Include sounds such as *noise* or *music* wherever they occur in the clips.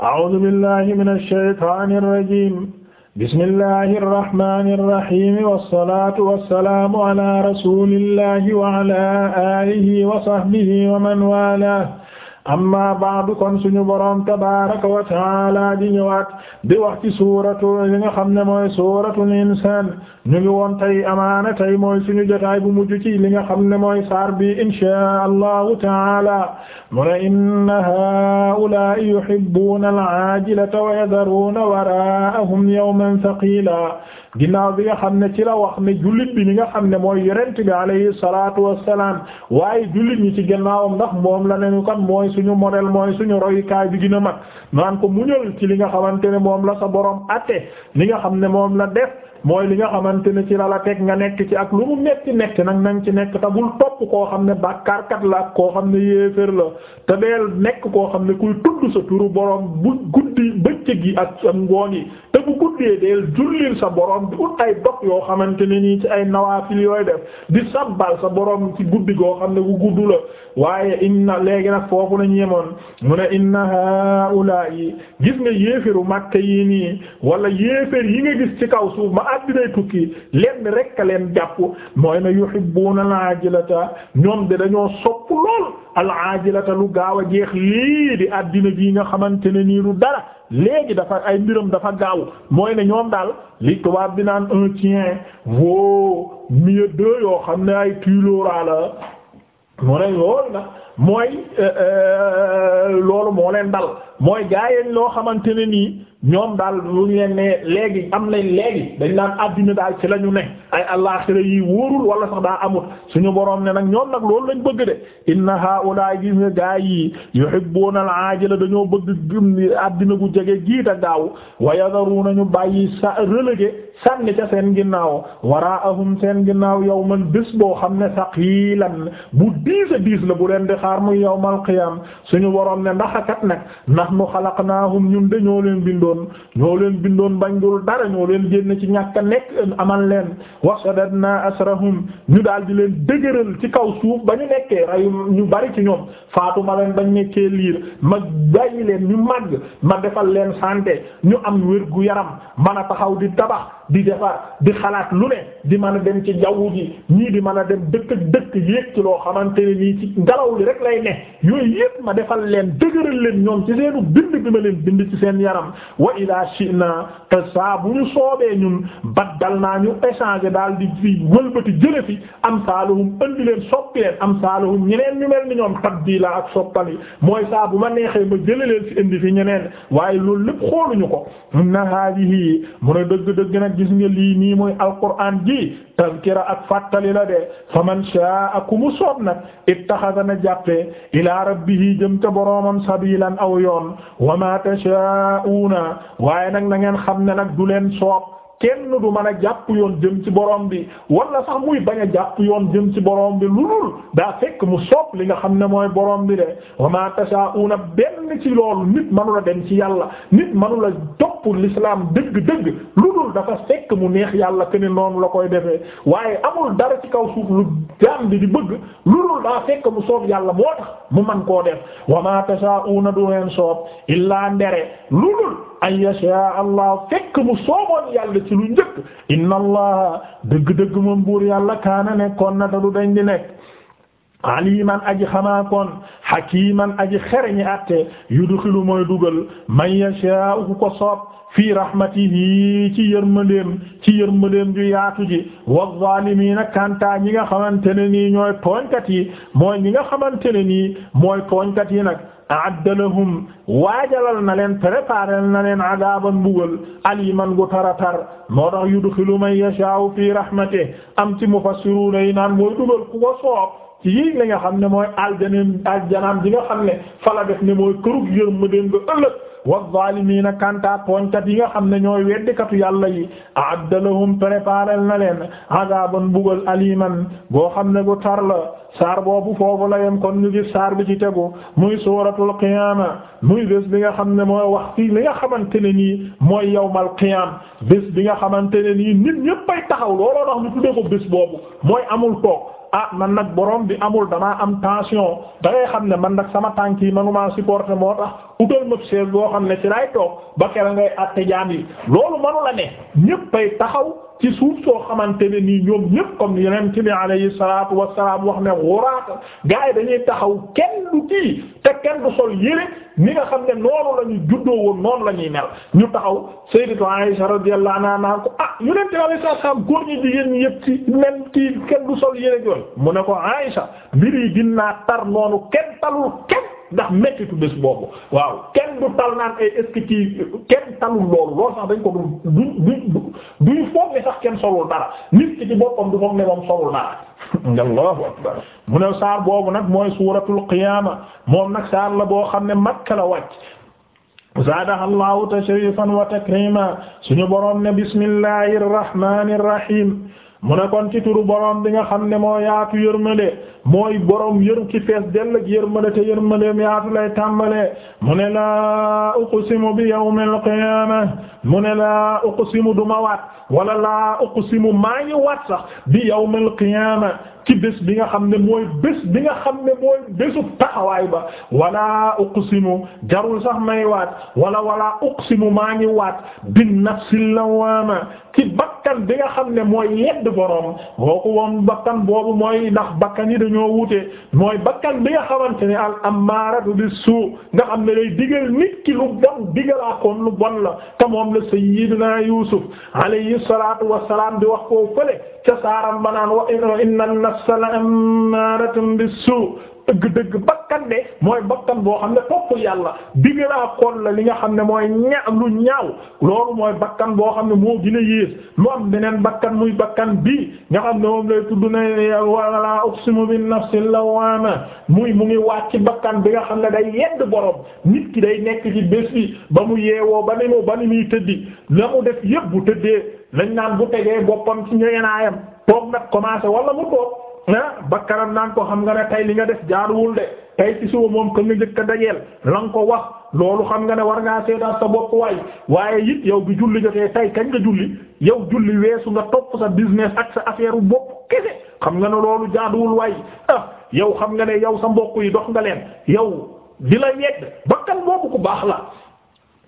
a'uuzu billaahi mina shaytaani rajiim bismillaahi rahmaani rahiim wassalaatu wassalaamu alaa rasuulillaahi wa alaa aalihi wa sahbihi wa man waalaah amma ba'du kon suñu boroom tabaaraka wa ta'aala di ñëwaat di wax ci suuratu li nga xam ne mooy suuratul insaan ñu ngi woon tey amaana tey mooy suñu jotaay bu mujj ci li nga xam ne mooy saar bi inshaa allahu ta'aala mu ne inna haa'ulaa'i yuhibbuuna al-'aajilata wa yadharuuna waraa'ahum yawman thaqiila ginnaaw bi nga xam ne ci la wax ne jullit bi ñi nga xam ne mooy yonent bi alayhi salaatu wassalaam waaye jullit ñi ci ginnaawam ndax moom la ne ñu kan mooy suñu modèle mooy suñu royukaay bi gën a mag naan ko muñal ci li nga xamante ne moom la sa boroom atte li nga xam ne moom la def mooy li nga xamante ne ci la la teg nga nekk ci ak lu mu metti metti nag nang ci nekk te topp koo xam ne bàkkaarkat la ak koo xam ne yéefér la te deel nekk koo xam ne kuy tudd sa turu borom bu guddi bëccëg yi ak ngoon yi bu guddee deel jullil sa borom di ut ay dog yoo xamante ne nii ci ay nawaafil yooy def di sabbal sa borom ci guddi goo xam ne bu gudd la waaye inna léegi nag foofu la ñu yemoon mu ne inna haula yi gis nga yéeferu màkk yi nii wala yéefer yi nga gis ci kaw suuf ma addinay tukki lenn rekk leen jàpp mooy na yuhibbuna al-ajilata ñoom de dañoo sopp lool al-aajilata lu gaaw a jeex lii di àddina bi nga xamante ne nii du dara léegi dafa ay mbiram dafa gaaw mooy ne ñoom daal li tubaab bi naan un tien vaut mieux yoo xam ne ay tuilora la ne loolu nag mooy euh, euh, loolu moo leen dal mooy gaayeen loo xamante ne nii ñoom daal lu ñu leen ne léegi am nañ léegi dañ naan àddina daal ci la ñu ne ay àllaxira yi wóorul wala sax daa amut suñu boroom ne nag ñoom nag loolu lañ bëgg de inna haula gis nga gaay yi yuhibbuna al-ajila dañoo bëgg àddina gu jege jiit a gaaw wa yadharuna ñu bàyyi sa relégué sànni ca seen ginnaaw waraahum seen ginnaaw yawman bés boo xam ne saqilan bu diis diis la bu leen di xaar muy yawmal qiyaam suñu waroon ne ndax kat nag nahnu xalaqnaahum ñun de ñoo leen bindoon ñoo leen bindoon bañ dul dara ñoo leen génn ci ñàkk a nekk amal leen wa shadadnaa asrahum ñu daal di leen dëgëral ci kaw suuf ba ñu nekkee rey ñu bari ci ñoom faatu ma leen bañ nekkee liir ma bàyyi leen ñu màgg ma defal leen santé ñu am wér gu yaram mën a taxaw di tabax. di defar di xalaat lu ne di man a dem ci jaww ji ñii di man a dem dëkk dëkk yéeg ci loo xamante ne nii ci ngelaw li rek lay ne yooyu yépp ma defal leen dëgëral leen ñoom ci seenu bind bi ma leen bind ci seen yaram wa ila naa te saa bu ñu soobee ñun baddal naa ñu échanger daal di fi wëlbati jële fi am saaluhum andi leen soppi leen am saaluhum ñeneen ñu mel ni ñoom la ak soppal yi mooy saa bu ma neexee ma jële leen fi indi fi ñeneen waaye lépp xooluñu ko gis nga lii nii mooy alquran ji tazkira ak fàttali la de faman sha'a ku mu soob nag ittaxada na jàppee ila rabbihi jëm ca boroomam sabilan aw yoon wa ma tasha'una waaye nag na ngeen xam ne nag du leen soob kenn du mën a jàpp yoon jëm ci borom bi walla sax muy bañ a jàpp yoon jëm ci borom bi lu dul daa fekk mu sopp li nga xam ne mooy borom bi de wa ma tashaa'una ci loolu nit mënu la dem ci yàlla nit mënu la topp l'islam dëgg mu neex yàlla que ne la koy defee waaye amul dara kaw bi di bëgg lu dul mu soob yàlla moo tax mu man koo def wa ma tashaa'una du ngeen soob illaa ndere lu dul an yasha allah fekk mu sooboon yàlla ci lu njëkk allah dëgg-dëgg moom buur yàlla kaana nekkoon na da du dañ di nekk aliman aji xamaa kon hakiman aji xereñi atte yudxilu mooy dugal man yasha ku ko soob fii rahmatihi ci yërmandeem ci yërmandeem ju yaatu ji wa zaalimiina kanta ñi nga xamante ne nii ñooy tooñkat yi mooy ñi nga xamante ne mooy tooñkat yi nag a'adda lahum waajalal na leen préparé na leen adaban mbugal aliman gu taratar moo tax yudxilu man yashaa'u fi rahmatihi am ci mufassiruna yi naan mooy dugal ku ko soob ci yi li nga xam ne mooy aljaneem aljanaam bi nga xam ne fala def ne mooy kërug yërmandeem nga ëllëg wa zaalimiina kanta tooñkat yi nga xam ne ñooy weddikatu yàlla yi a'adda lahum préparel na leen azaaban bugal aliman goo xam ne gu tar la saar boobu foofu la yem kon ñu gis saar bi ci tegu muy suuratul qiyaama muy bés bi nga xam ne mooy wax fii li nga xamante ne nii mooy yawmal qiyaam bés bi nga xamante ne nii nit ñëppay taxaw looloo tax ah man nag borom bi amul damaa am tension da ngay xam ne man nag sama tànk yi manuma supporter moo tax utal ma chaise boo xam ne si lay toog ba kera ngay àtte jaam yi loolu manu la ne ñéppay taxaw ci suuf soo xamante ne nii ñoom ñëpp comme yeneen ci bi alayhi salaatu wassalaam wax ne wuraata gars yi dañuy taxaw kenn du kii te kenn du sol yére ni nga xam ne noonu la ñu juddoo woon noonu la ñuy mel ñu taxaw sayyidatu Aisha radiyallahu anha naan ko ah yeneen ci alayhi salaatu wassalaam góor ñi jigéen ñi yëpp ci même kii kenn du sol yére jooy mu ne ko Aisha mbir yi ginnaa tar noonu kenn talul kenn ndax mettitu bés boobu waaw kenn du tal naan ay eh, est-ce que kii kenn talul loolu loolu sax dañ ko du du du foog ne sax kenn solul dara nit ki ci boppam du foog ne moom solul dara *laughs* allahu akbar mu ne saar boobu nag mooy suuratul qiyaama moom nag saar la boo xam ne Makka la wàcc zaadaha allahu tashrifan wa takrima suñu boroom ne bismillahir rahmanir rahim mu ne kon ci turu boroom bi nga xam ne moo yaatu yërmande mooy borom yër ci fees dell ak yërmande te yërmande yaatu lay tàmbale mu ne laa uqsimu bi yawmil qiyaama mu ne laa uqsimu du ma waat wala laa uqsimu maa ngi waat sax bi yawmil qiyaama ci bés bi nga xam ne mooy bés bi nga xam ne mooy bésu taxawaay ba wala uqsimu jarul sax may waat wala wala uqsimu maa ngi waat bin nafsil lawaama ci bakkan bi nga xam ne mooy yedd borom boo ko woon bakkan boobu mooy ndax bakkan yi dañu ñoo wuute mooy bakkan bi nga xamante ne al ammaaratu bi suu nga xam ne day digal nit ki lu bon digalaakoon lu bon la te moom la sayyidina Yuusuf alayhi salaatu wassalaam di wax koo fële ca saaram banaan wa inna an-nafsa la ammaratun bis suu dëgg-dëgg bakkan de mooy bakkan boo xam ne topp yàlla diggalaa kool la li nga xam ne mooy ña lu ñaaw loolu mooy bakkan boo xam ne moo gën a yées lu am beneen bakkan muy bakkan bii nga xam ne moom lay tudd na wala uqsimu bin nafsil lawwama muy mu ngi wàcc bakkan bi nga xam ne day yedd borom nit ki day nekk ci bés bi ba mu yeewoo ba ni mu ba ni muy tëddi la mu def yépp bu tëddee lañ naan bu tegee boppam ci ñegenaayam toog nag commencé wala mu toog Ah, ba kanam naan ko xam nga ne tey li nga def jaaruwul de tey ci suba moom ka nga njëkk a dajeel la ko wax loolu xam nga ne war ngaa seetaat sa bopp waay waaye it yow bi julli jotee tey kañ nga julli yow julli weesu nga topp sa business ak sa affaire u bopp kese xam nga ne loolu jaaduwul waay ah yow xam nga ne yow sa mbokk yi dox nga leen yow di la yedd bakkan boobu ku baax la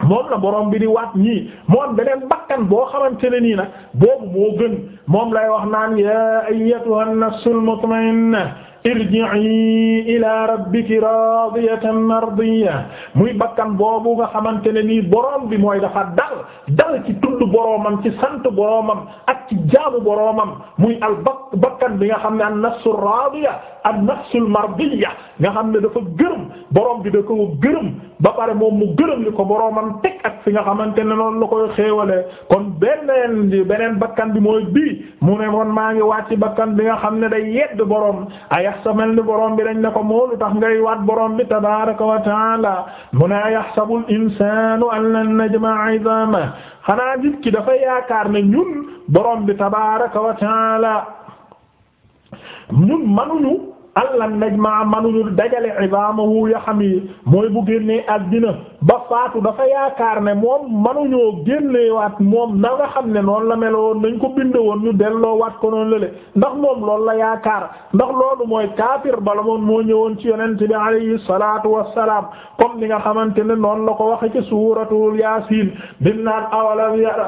moom la borom bi di waat ñii moom beneen bakkan boo xamante ne nii nag boobu moo gën moom lay wax naan ya ayyatuha an-nafsul mutma'inna irji'i ila rabbiki radiyatan mardiyya muy bakkan boobu nga xamante ne nii boroom bi mooy dafa dal dal ci tudd boroomam ci sant boroomam ak ci jaamu boroomam muy al bak bakkan bi nga xam ne an nafsu radiya an nafsul mardiyya nga xam ne dafa gërëm boroom bi da ko gërëm ba pare moom mu gërëm li ko boroomam teg fi nga xamante ne noonu la koy xéewalee kon beneen beneen bakkan bi mooy bii mu ne kon maa ngi waat ci bakkan bi nga xam ne day yedd borom ayaxsamal ni borom bi dañ ne ko moolu tax ngay waat borom bi tabaaraka wa taala mu ne ayaxsabul insaanu an lan najma'a 'idhaamahu xanaa nit ki dafa yaakaar ne ñun borom bi tabaaraka wa taala ñun manuñu an lan najma'a manuñu dajale 'idhaamahu ya xam yi mooy bu génnee àddina ba faatu dafa yaakaar ne moom manuñoo génneewaat moom na nga xam ne noonu la woon nañ ko bind woon ñu delloowaat ko noonu lële ndax moom loolu la yaakaar ndax loolu mooy kaafir bala moom moo ñëwoon ci yonent bi alayhi salaatu wassalaam comme ni nga xamante ne noonu la ko waxe ci suuratul yaasiin bin naan awalam yara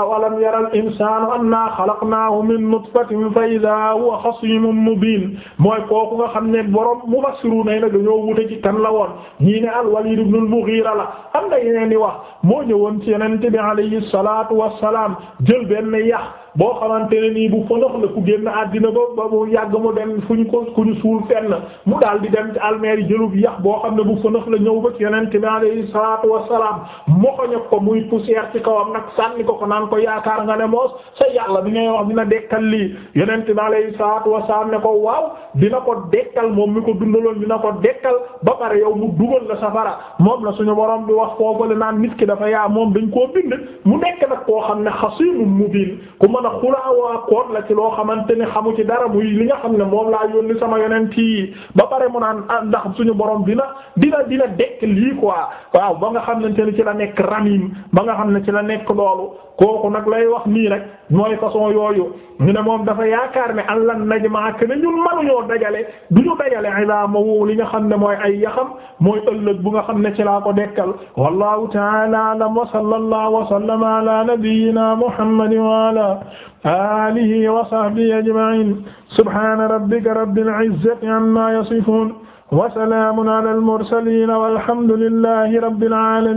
awalam yara al insaanu annaa xalaqnaahu min nutfatin fa idaa huwa xasiimun mubiin mooy kooku nga xam ne borom mufassiru nay na dañoo wute ci kan la woon mughira la xam nga yeneen di wax moo ñëwoon ci yeneen bi alayhi salaatu wassalaam jël benn yax boo xamante ne nii bu fonox la ku génn àddina ko ba mu yàgg mu dem fu ñu ko ku ñu suul fenn mu daal di dem ci almeeri jëlub yax boo xam ne bu fonox la ñëw ba ci yonent bi alayhi salaatu wassalaam moxoñ ko muy poussière ci kawam nag sànni ko ko naan ko yaakaar nga ne moos sa yàlla bi ngay wax dina dekkal lii yonent bi alayhi salaatu wassalaam ne ko waaw dina ko dekkal moom mi ko dund dundaloon dina ko dekkal ba pare yow mu dugal la safara moom la suñu borom bi wax foofu la naan nit ki dafa yaa moom dañ koo bind mu nekk nag koo xam ne xasimun mubin mën a xulaawaakoon la ci loo xamante ne xamu ci dara muy li nga xam ne moom laa yónni sama yonent yi ba pare mu naan ah, ndax suñu borom dina dina dina dekk lii quoi waaw ba nga xam ne ci la nekk ramin ba nga xam ne ci la nekk loolu kooku nag lay wax nii rek mooy façon yooyu ñu ne moom dafa yaakaar ne an lan najmaa ne ñun manuñoo dajale du ñu dajale ilaamawu li nga xam ne mooy ay yaxam mooy ëllëg bu nga xam ne ci laa ko dekkal wallahu ta'ala a'lam wa sallallahu wa sallama ala nabiyyina muhammadin wa ala alihi wa sahbihi ajma'in subhana rabbika rabbil izzati amma yasifun wa salamun ala al mursalin walhamdulillahi rabbil alamin